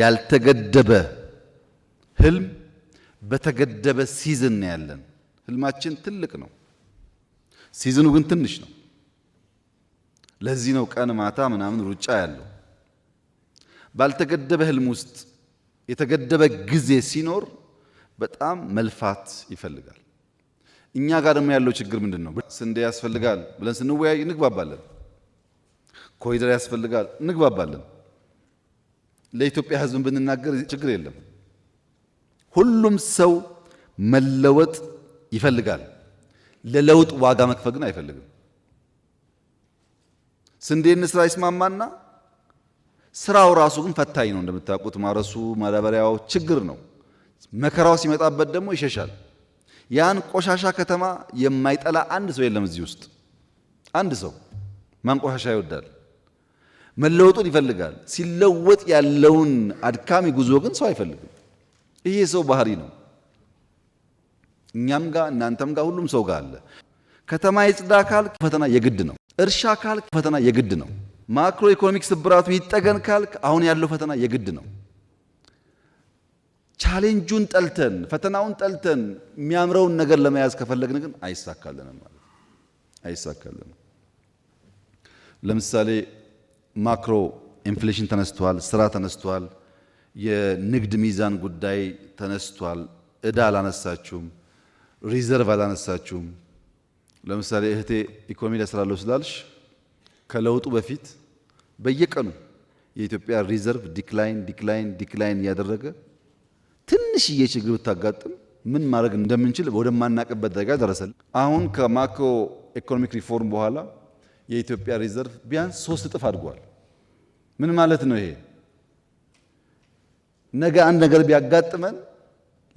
ያልተገደበ ህልም በተገደበ ሲዝን ነው ያለን። ህልማችን ትልቅ ነው፣ ሲዝኑ ግን ትንሽ ነው። ለዚህ ነው ቀን ማታ ምናምን ሩጫ ያለው። ባልተገደበ ህልም ውስጥ የተገደበ ጊዜ ሲኖር በጣም መልፋት ይፈልጋል። እኛ ጋር ደግሞ ያለው ችግር ምንድን ነው? ስንዴ ያስፈልጋል ብለን ስንወያይ እንግባባለን። ኮሪደር ያስፈልጋል እንግባባለን። ለኢትዮጵያ ህዝብ ብንናገር ችግር የለም። ሁሉም ሰው መለወጥ ይፈልጋል። ለለውጥ ዋጋ መክፈል ግን አይፈልግም። ስንዴ ስራ ይስማማና ስራው ራሱ ግን ፈታኝ ነው። እንደምታውቁት ማረሱ፣ ማዳበሪያው ችግር ነው። መከራው ሲመጣበት ደግሞ ይሸሻል። ያን ቆሻሻ ከተማ የማይጠላ አንድ ሰው የለም እዚህ ውስጥ። አንድ ሰው ማን ቆሻሻ ይወዳል? መለወጡን ይፈልጋል። ሲለወጥ ያለውን አድካሚ ጉዞ ግን ሰው አይፈልግም። ይሄ የሰው ባህሪ ነው። እኛም ጋር እናንተም ጋር ሁሉም ሰው ጋር አለ። ከተማ የጽዳ ካልክ ፈተና የግድ ነው። እርሻ ካልክ ፈተና የግድ ነው። ማክሮ ኢኮኖሚክ ስብራቱ ይጠገን ካልክ አሁን ያለው ፈተና የግድ ነው። ቻሌንጁን ጠልተን ፈተናውን ጠልተን የሚያምረውን ነገር ለመያዝ ከፈለግን ግን አይሳካልንም ማለት አይሳካልንም። ለምሳሌ ማክሮ ኢንፍሌሽን ተነስቷል፣ ስራ ተነስቷል፣ የንግድ ሚዛን ጉዳይ ተነስቷል። እዳ አላነሳችሁም፣ ሪዘርቭ አላነሳችሁም። ለምሳሌ እህቴ ኢኮኖሚ ላይ ስራለሁ ስላልሽ ከለውጡ በፊት በየቀኑ የኢትዮጵያ ሪዘርቭ ዲክላይን ዲክላይን ዲክላይን እያደረገ ትንሽዬ ችግር ብታጋጥም ምን ማድረግ እንደምንችል ወደማናቅበት ደረጃ ደረሰል። አሁን ከማክሮ ኢኮኖሚክ ሪፎርም በኋላ የኢትዮጵያ ሪዘርቭ ቢያንስ ሶስት እጥፍ አድጓል። ምን ማለት ነው ይሄ? ነገ አንድ ነገር ቢያጋጥመን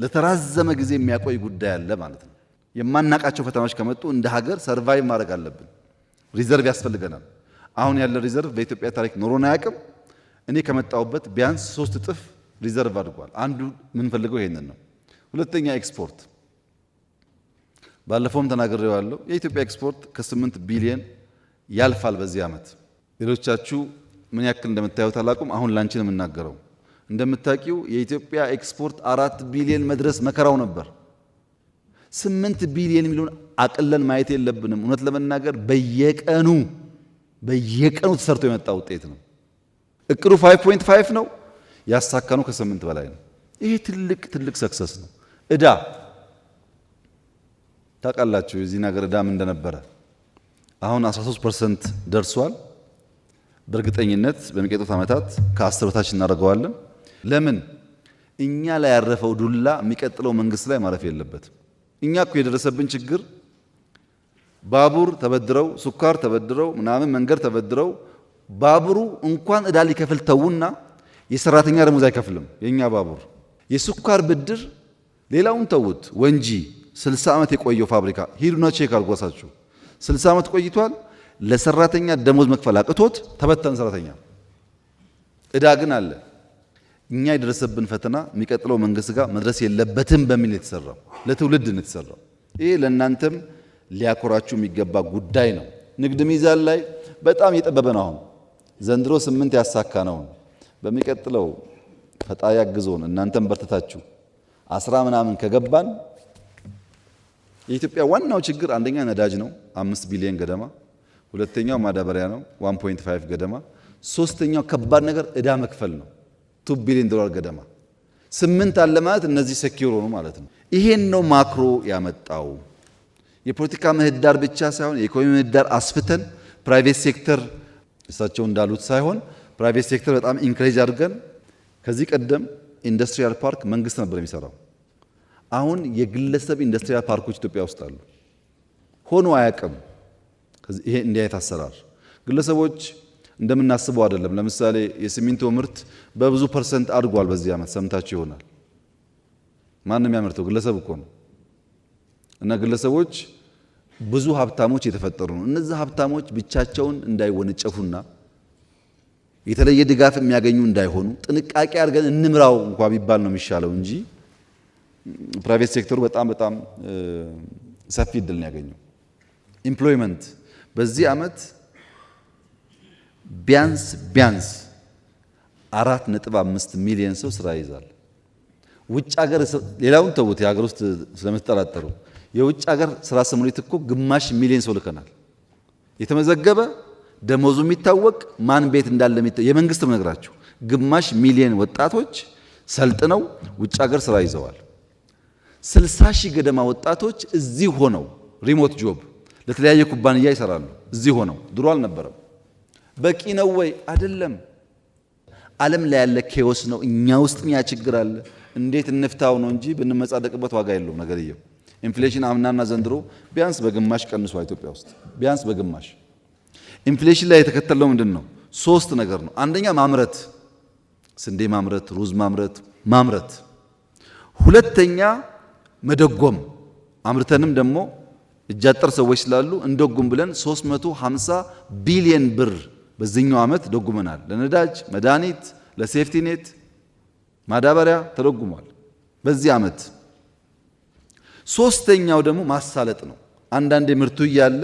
ለተራዘመ ጊዜ የሚያቆይ ጉዳይ አለ ማለት ነው። የማናቃቸው ፈተናዎች ከመጡ እንደ ሀገር ሰርቫይቭ ማድረግ አለብን። ሪዘርቭ ያስፈልገናል። አሁን ያለ ሪዘርቭ በኢትዮጵያ ታሪክ ኖሮን አያውቅም። እኔ ከመጣሁበት ቢያንስ ሶስት እጥፍ ሪዘርቭ አድጓል። አንዱ የምንፈልገው ይሄንን ነው። ሁለተኛ ኤክስፖርት፣ ባለፈውም ተናግሬዋለሁ። የኢትዮጵያ ኤክስፖርት ከ8 ቢሊዮን ያልፋል። በዚህ ዓመት ሌሎቻችሁ ምን ያክል እንደምታዩት ታላቁም አሁን ላንቺ ነው የምናገረው። እንደምታውቂው የኢትዮጵያ ኤክስፖርት አራት ቢሊየን መድረስ መከራው ነበር። ስምንት ቢሊየን የሚለውን አቅለን ማየት የለብንም። እውነት ለመናገር በየቀኑ በየቀኑ ተሰርቶ የመጣ ውጤት ነው። እቅዱ 5.5 ነው፣ ያሳካኑ ከስምንት በላይ ነው። ይሄ ትልቅ ትልቅ ሰክሰስ ነው። እዳ ታውቃላችሁ፣ የዚህን ሀገር እዳም እንደነበረ አሁን 13 ፐርሰንት ደርሷል። በእርግጠኝነት በሚቀጥሉት ዓመታት ከአስር በታች እናደርገዋለን። ለምን እኛ ላይ ያረፈው ዱላ የሚቀጥለው መንግስት ላይ ማረፍ የለበትም። እኛ እኮ የደረሰብን ችግር ባቡር ተበድረው፣ ስኳር ተበድረው፣ ምናምን መንገድ ተበድረው ባቡሩ እንኳን እዳ ሊከፍል ተዉና የሰራተኛ ደሞዝ አይከፍልም። የእኛ ባቡር የስኳር ብድር ሌላውን ተውት። ወንጂ 60 ዓመት የቆየው ፋብሪካ ሂዱና ቼክ አድርጓሳችሁ 60 ዓመት ቆይቷል። ለሰራተኛ ደሞዝ መክፈል አቅቶት ተበተን ሰራተኛ እዳ ግን አለ። እኛ የደረሰብን ፈተና የሚቀጥለው መንግስት ጋር መድረስ የለበትም በሚል የተሰራው ለትውልድ ነው የተሰራው። ይህ ለእናንተም ሊያኮራችሁ የሚገባ ጉዳይ ነው። ንግድ ሚዛን ላይ በጣም የጠበበ ነው። አሁን ዘንድሮ ስምንት ያሳካ ነውን። በሚቀጥለው ፈጣሪ ያግዞን እናንተም በርትታችሁ አስራ ምናምን ከገባን የኢትዮጵያ ዋናው ችግር አንደኛ ነዳጅ ነው፣ አምስት ቢሊዮን ገደማ። ሁለተኛው ማዳበሪያ ነው፣ ዋን ፖይንት ገደማ። ሶስተኛው ከባድ ነገር እዳ መክፈል ነው፣ ቱ ቢሊዮን ዶላር ገደማ። ስምንት አለ ማለት እነዚህ ሴኪዩር ነው ማለት ነው። ይሄን ነው ማክሮ ያመጣው። የፖለቲካ ምህዳር ብቻ ሳይሆን የኢኮኖሚ ምህዳር አስፍተን ፕራይቬት ሴክተር እሳቸው እንዳሉት ሳይሆን ፕራይቬት ሴክተር በጣም ኢንክሬጅ አድርገን ከዚህ ቀደም ኢንዱስትሪያል ፓርክ መንግስት ነበር የሚሰራው። አሁን የግለሰብ ኢንዱስትሪያል ፓርኮች ኢትዮጵያ ውስጥ አሉ። ሆኖ አያውቅም። ይሄ እንዲህ አይነት አሰራር ግለሰቦች እንደምናስበው አይደለም። ለምሳሌ የሲሚንቶ ምርት በብዙ ፐርሰንት አድጓል በዚህ ዓመት ሰምታችሁ ይሆናል። ማን ነው የሚያመርተው? ግለሰብ እኮ ነው። እና ግለሰቦች ብዙ ሀብታሞች የተፈጠሩ ነው። እነዚህ ሀብታሞች ብቻቸውን እንዳይወነጨፉና የተለየ ድጋፍ የሚያገኙ እንዳይሆኑ ጥንቃቄ አድርገን እንምራው እንኳ ቢባል ነው የሚሻለው እንጂ ፕራይቬት ሴክተሩ በጣም በጣም ሰፊ እድል ነው ያገኘው። ኢምፕሎይመንት በዚህ ዓመት ቢያንስ ቢያንስ አራት ነጥብ አምስት ሚሊዮን ሰው ስራ ይዛል። ውጭ ሀገር ሌላውን ተውት፣ የሀገር ውስጥ ስለምትጠራጠሩ የውጭ ሀገር ስራ ስምሪት እኮ ግማሽ ሚሊዮን ሰው ልከናል። የተመዘገበ ደሞዙ የሚታወቅ ማን ቤት እንዳለ የመንግስት ነው ነግራችሁ ግማሽ ሚሊዮን ወጣቶች ሰልጥነው ውጭ ሀገር ስራ ይዘዋል። 60 ሺህ ገደማ ወጣቶች እዚህ ሆነው ሪሞት ጆብ ለተለያየ ኩባንያ ይሰራሉ። እዚህ ሆነው ድሮ አልነበረም። በቂ ነው ወይ? አይደለም። ዓለም ላይ ያለ ኬዎስ ነው። እኛ ውስጥ ያ ችግር አለ። እንዴት እንፍታው ነው እንጂ ብንመጻደቅበት ዋጋ የለውም ነገርየው። ኢንፍሌሽን አምናና ዘንድሮ ቢያንስ በግማሽ ቀንሷ ኢትዮጵያ ውስጥ ቢያንስ በግማሽ። ኢንፍሌሽን ላይ የተከተለው ምንድን ነው? ሶስት ነገር ነው። አንደኛ ማምረት፣ ስንዴ ማምረት፣ ሩዝ ማምረት ማምረት። ሁለተኛ መደጎም አምርተንም ደግሞ እጃጠር ሰዎች ስላሉ እንደጉም ብለን 350 ቢሊየን ብር በዚህኛው ዓመት ደጉመናል። ለነዳጅ፣ መድኃኒት፣ ለሴፍቲኔት ማዳበሪያ ተደጉሟል። በዚህ ዓመት ሶስተኛው ደግሞ ማሳለጥ ነው። አንዳንዴ ምርቱ እያለ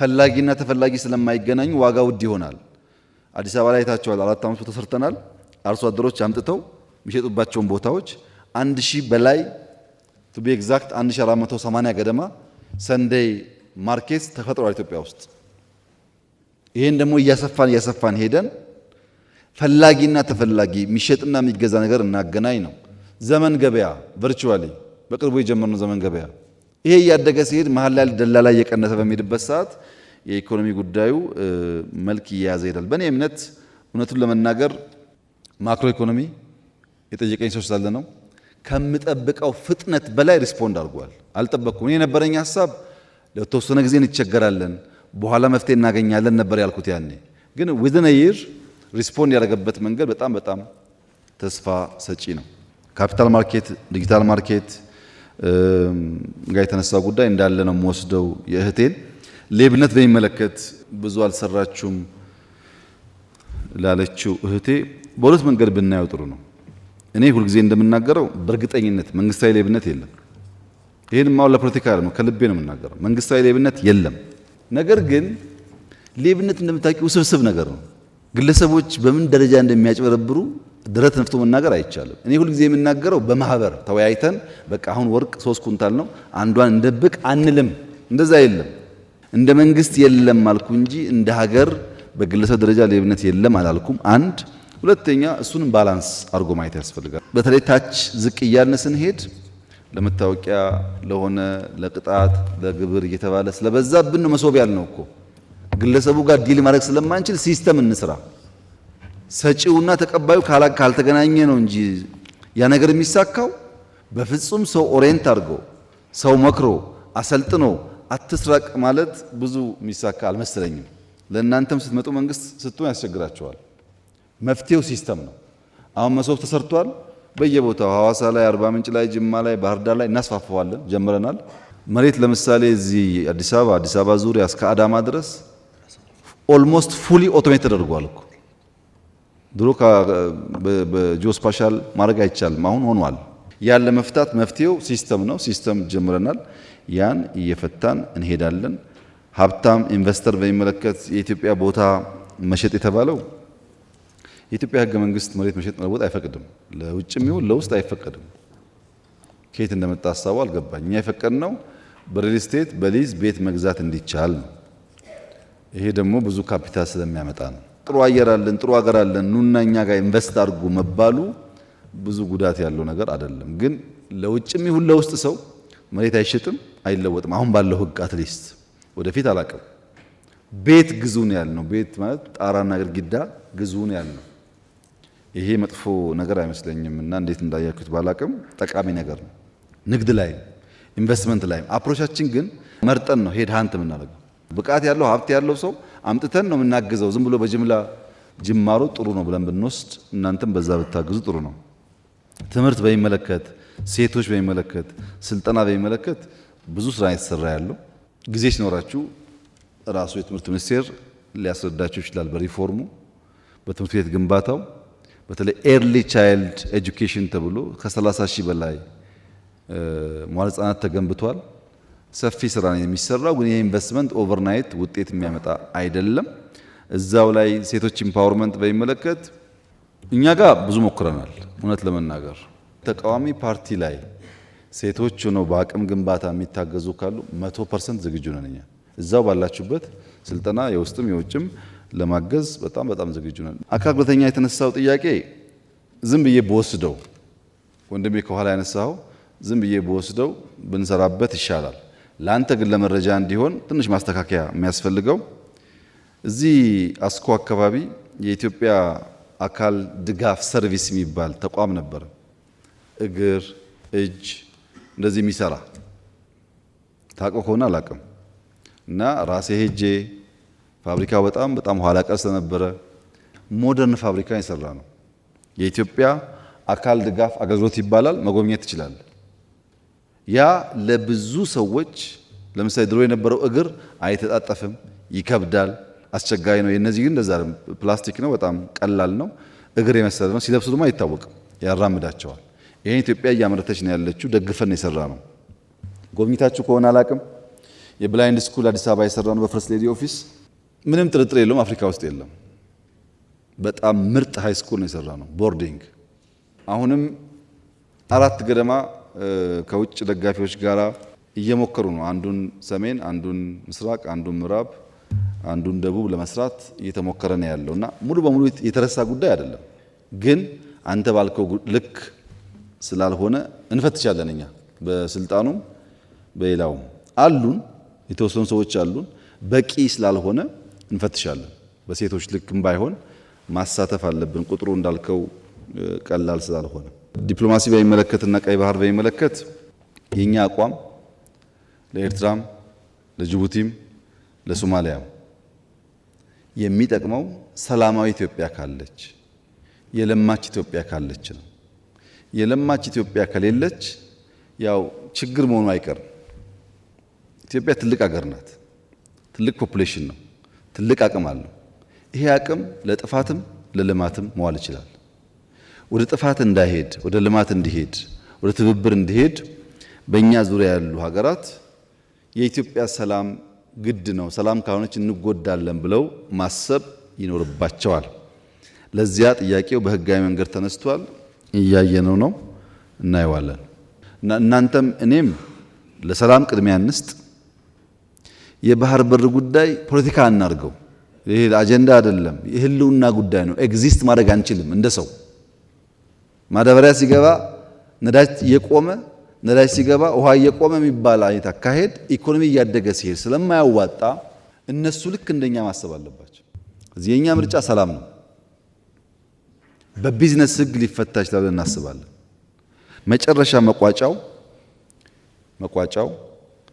ፈላጊና ተፈላጊ ስለማይገናኙ ዋጋ ውድ ይሆናል። አዲስ አበባ ላይ ታቸዋል። አራት አምስት ተሰርተናል። አርሶ አደሮች አምጥተው የሚሸጡባቸውን ቦታዎች አንድ ሺህ በላይ ቱ ቢ ኤግዛክት 1480 ገደማ ሰንደይ ማርኬት ተፈጥሯል ኢትዮጵያ ውስጥ። ይሄን ደግሞ እያሰፋን እያሰፋን ሄደን ፈላጊና ተፈላጊ የሚሸጥና የሚገዛ ነገር እናገናኝ ነው። ዘመን ገበያ ቨርቹዋሊ በቅርቡ የጀመርነው ዘመን ገበያ ይሄ እያደገ ሲሄድ መሀል ላይ ደላላ እየቀነሰ በሚሄድበት ሰዓት የኢኮኖሚ ጉዳዩ መልክ እየያዘ ይሄዳል። በእኔ እምነት እውነቱን ለመናገር ማክሮ ኢኮኖሚ የጠየቀኝ ሰው ስላለ ነው። ከምጠብቀው ፍጥነት በላይ ሪስፖንድ አድርጓል። አልጠበቅኩም። እኔ የነበረኝ ሀሳብ ለተወሰነ ጊዜ እንቸገራለን፣ በኋላ መፍትሄ እናገኛለን ነበር ያልኩት ያኔ። ግን ዊዝን ይር ሪስፖንድ ያደረገበት መንገድ በጣም በጣም ተስፋ ሰጪ ነው። ካፒታል ማርኬት፣ ዲጂታል ማርኬት ጋር የተነሳ ጉዳይ እንዳለ ነው የምወስደው። የእህቴን ሌብነት በሚመለከት ብዙ አልሰራችሁም ላለችው እህቴ በሁለት መንገድ ብናየው ጥሩ ነው። እኔ ሁልጊዜ እንደምናገረው በእርግጠኝነት መንግስታዊ ሌብነት የለም። ይህን ማው ለፖለቲካ ነው ከልቤ ነው የምናገረው። መንግስታዊ ሌብነት የለም። ነገር ግን ሌብነት እንደምታውቂው ውስብስብ ነገር ነው። ግለሰቦች በምን ደረጃ እንደሚያጭበረብሩ ድረት ነፍቶ መናገር አይቻልም። እኔ ሁልጊዜ የምናገረው በማህበር ተወያይተን በቃ አሁን ወርቅ ሶስት ኩንታል ነው አንዷን እንደብቅ አንልም። እንደዛ የለም። እንደ መንግስት የለም አልኩ እንጂ እንደ ሀገር በግለሰብ ደረጃ ሌብነት የለም አላልኩም። አንድ ሁለተኛ እሱንም ባላንስ አድርጎ ማየት ያስፈልጋል። በተለይ ታች ዝቅ እያልን ስንሄድ ለመታወቂያ ለሆነ ለቅጣት ለግብር እየተባለ ስለበዛብን ነው መሶብ ያልነው እኮ ግለሰቡ ጋር ዲል ማድረግ ስለማንችል ሲስተም እንስራ። ሰጪውና ተቀባዩ ካልተገናኘ ነው እንጂ ያ ነገር የሚሳካው። በፍጹም ሰው ኦሪየንት አድርጎ ሰው መክሮ አሰልጥኖ አትስራቅ ማለት ብዙ የሚሳካ አልመሰለኝም። ለእናንተም ስትመጡ መንግስት ስትሆን ያስቸግራቸዋል። መፍትሄው ሲስተም ነው። አሁን መሶብ ተሰርቷል። በየቦታው ሐዋሳ ላይ፣ አርባ ምንጭ ላይ፣ ጅማ ላይ፣ ባህር ዳር ላይ እናስፋፈዋለን። ጀምረናል። መሬት ለምሳሌ እዚህ አዲስ አበባ አዲስ አበባ ዙሪያ እስከ አዳማ ድረስ ኦልሞስት ፉሊ ኦቶሜት ተደርጓል እኮ ድሮ በጂኦስፓሻል ማድረግ አይቻልም። አሁን ሆኗል። ያን ለመፍታት መፍትሄው ሲስተም ነው። ሲስተም ጀምረናል። ያን እየፈታን እንሄዳለን። ሀብታም ኢንቨስተር በሚመለከት የኢትዮጵያ ቦታ መሸጥ የተባለው የኢትዮጵያ ህገ መንግስት መሬት መሸጥ መለወጥ አይፈቅድም። ለውጭም ይሁን ለውስጥ አይፈቀድም። ከየት እንደመጣ ሀሳቡ አልገባኝ። እኛ የፈቀድነው በሪል ስቴት በሊዝ ቤት መግዛት እንዲቻል ነው። ይሄ ደግሞ ብዙ ካፒታል ስለሚያመጣ ነው። ጥሩ አየር አለን፣ ጥሩ ሀገር አለን፣ ኑና እኛ ጋር ኢንቨስት አድርጉ መባሉ ብዙ ጉዳት ያለው ነገር አይደለም። ግን ለውጭም ይሁን ለውስጥ ሰው መሬት አይሸጥም፣ አይለወጥም። አሁን ባለው ህግ አትሊስት ወደፊት አላቅም። ቤት ግዙ ነው ያልነው። ቤት ማለት ጣራና ግድግዳ ግዙ ነው ያልነው። ይሄ መጥፎ ነገር አይመስለኝም እና እንዴት እንዳያችሁት ባላቅም ጠቃሚ ነገር ነው። ንግድ ላይም ኢንቨስትመንት ላይም አፕሮቻችን ግን መርጠን ነው ሄድ ሀንት የምናደርገው። ብቃት ያለው ሀብት ያለው ሰው አምጥተን ነው የምናግዘው። ዝም ብሎ በጅምላ ጅማሩ ጥሩ ነው ብለን ብንወስድ፣ እናንተም በዛ ብታግዙ ጥሩ ነው። ትምህርት በሚመለከት ሴቶች በሚመለከት ስልጠና በሚመለከት ብዙ ስራ የተሰራ ያለው ጊዜ ሲኖራችሁ ራሱ የትምህርት ሚኒስቴር ሊያስረዳችሁ ይችላል። በሪፎርሙ በትምህርት ቤት ግንባታው በተለይ ኤርሊ ቻይልድ ኤጁኬሽን ተብሎ ከ30 ሺህ በላይ መዋለ ህጻናት ተገንብቷል። ሰፊ ስራ ነው የሚሰራው። ግን ይህ ኢንቨስትመንት ኦቨርናይት ውጤት የሚያመጣ አይደለም። እዛው ላይ ሴቶች ኢምፓወርመንት በሚመለከት እኛ ጋር ብዙ ሞክረናል። እውነት ለመናገር ተቃዋሚ ፓርቲ ላይ ሴቶች ሆነው በአቅም ግንባታ የሚታገዙ ካሉ መቶ ፐርሰንት ዝግጁ ነን እኛ እዛው ባላችሁበት ስልጠና የውስጥም የውጭም ለማገዝ በጣም በጣም ዝግጁ ነን። አካል ጉዳተኛ የተነሳው ጥያቄ ዝም ብዬ በወስደው ወንድሜ ከኋላ ያነሳው ዝም ብዬ በወስደው ብንሰራበት ይሻላል። ለአንተ ግን ለመረጃ እንዲሆን ትንሽ ማስተካከያ የሚያስፈልገው እዚህ አስኮ አካባቢ የኢትዮጵያ አካል ድጋፍ ሰርቪስ የሚባል ተቋም ነበር። እግር፣ እጅ እንደዚህ የሚሰራ ታውቀው ከሆነ አላውቅም እና ራሴ ሄጄ ፋብሪካው በጣም በጣም ኋላ ቀር ስለነበረ ሞደርን ፋብሪካ የሰራ ነው። የኢትዮጵያ አካል ድጋፍ አገልግሎት ይባላል። መጎብኘት ይችላል። ያ ለብዙ ሰዎች ለምሳሌ ድሮ የነበረው እግር አይተጣጠፍም፣ ይከብዳል፣ አስቸጋሪ ነው። የነዚህ ግን እንደዛ ፕላስቲክ ነው፣ በጣም ቀላል ነው። እግር የመሰለ ነው። ሲለብሱ ደግሞ አይታወቅም፣ ያራምዳቸዋል። ይህን ኢትዮጵያ እያመረተች ነው ያለችው። ደግፈን የሰራ ነው። ጎብኝታችሁ ከሆነ አላቅም የብላይንድ ስኩል አዲስ አበባ የሰራ ነው በፈርስት ሌዲ ኦፊስ ምንም ጥርጥር የለውም አፍሪካ ውስጥ የለም። በጣም ምርጥ ሃይ ስኩል ነው የሰራ ነው ቦርዲንግ። አሁንም አራት ገደማ ከውጭ ደጋፊዎች ጋር እየሞከሩ ነው። አንዱን ሰሜን፣ አንዱን ምስራቅ፣ አንዱን ምዕራብ፣ አንዱን ደቡብ ለመስራት እየተሞከረ ነው ያለው እና ሙሉ በሙሉ የተረሳ ጉዳይ አይደለም። ግን አንተ ባልከው ልክ ስላልሆነ እንፈትሻለን እኛ በስልጣኑም በሌላውም አሉን የተወሰኑ ሰዎች አሉን በቂ ስላልሆነ እንፈትሻለን። በሴቶች ልክም ባይሆን ማሳተፍ አለብን። ቁጥሩ እንዳልከው ቀላል ስላልሆነ ዲፕሎማሲ በሚመለከትና ቀይ ባህር በሚመለከት የኛ አቋም ለኤርትራም ለጅቡቲም ለሶማሊያም የሚጠቅመው ሰላማዊ ኢትዮጵያ ካለች የለማች ኢትዮጵያ ካለች ነው። የለማች ኢትዮጵያ ከሌለች ያው ችግር መሆኑ አይቀርም። ኢትዮጵያ ትልቅ ሀገር ናት። ትልቅ ፖፑሌሽን ነው። ትልቅ አቅም አለው። ይሄ አቅም ለጥፋትም ለልማትም መዋል ይችላል። ወደ ጥፋት እንዳይሄድ፣ ወደ ልማት እንዲሄድ፣ ወደ ትብብር እንዲሄድ በእኛ ዙሪያ ያሉ ሀገራት የኢትዮጵያ ሰላም ግድ ነው፣ ሰላም ካልሆነች እንጎዳለን ብለው ማሰብ ይኖርባቸዋል። ለዚያ ጥያቄው በህጋዊ መንገድ ተነስቷል። እያየነው ነው፣ እናየዋለን። እናንተም እኔም ለሰላም ቅድሚያ እንስጥ። የባህር በር ጉዳይ ፖለቲካ አናርገው። ይሄ አጀንዳ አይደለም፣ የህልውና ጉዳይ ነው። ኤግዚስት ማድረግ አንችልም እንደ ሰው። ማዳበሪያ ሲገባ ነዳጅ እየቆመ ነዳጅ ሲገባ ውሃ እየቆመ የሚባል አይነት አካሄድ ኢኮኖሚ እያደገ ሲሄድ ስለማያዋጣ እነሱ ልክ እንደኛ ማሰብ አለባቸው። እዚህ የኛ ምርጫ ሰላም ነው። በቢዝነስ ህግ ሊፈታ ይችላል እናስባለን። መጨረሻ መቋጫው መቋጫው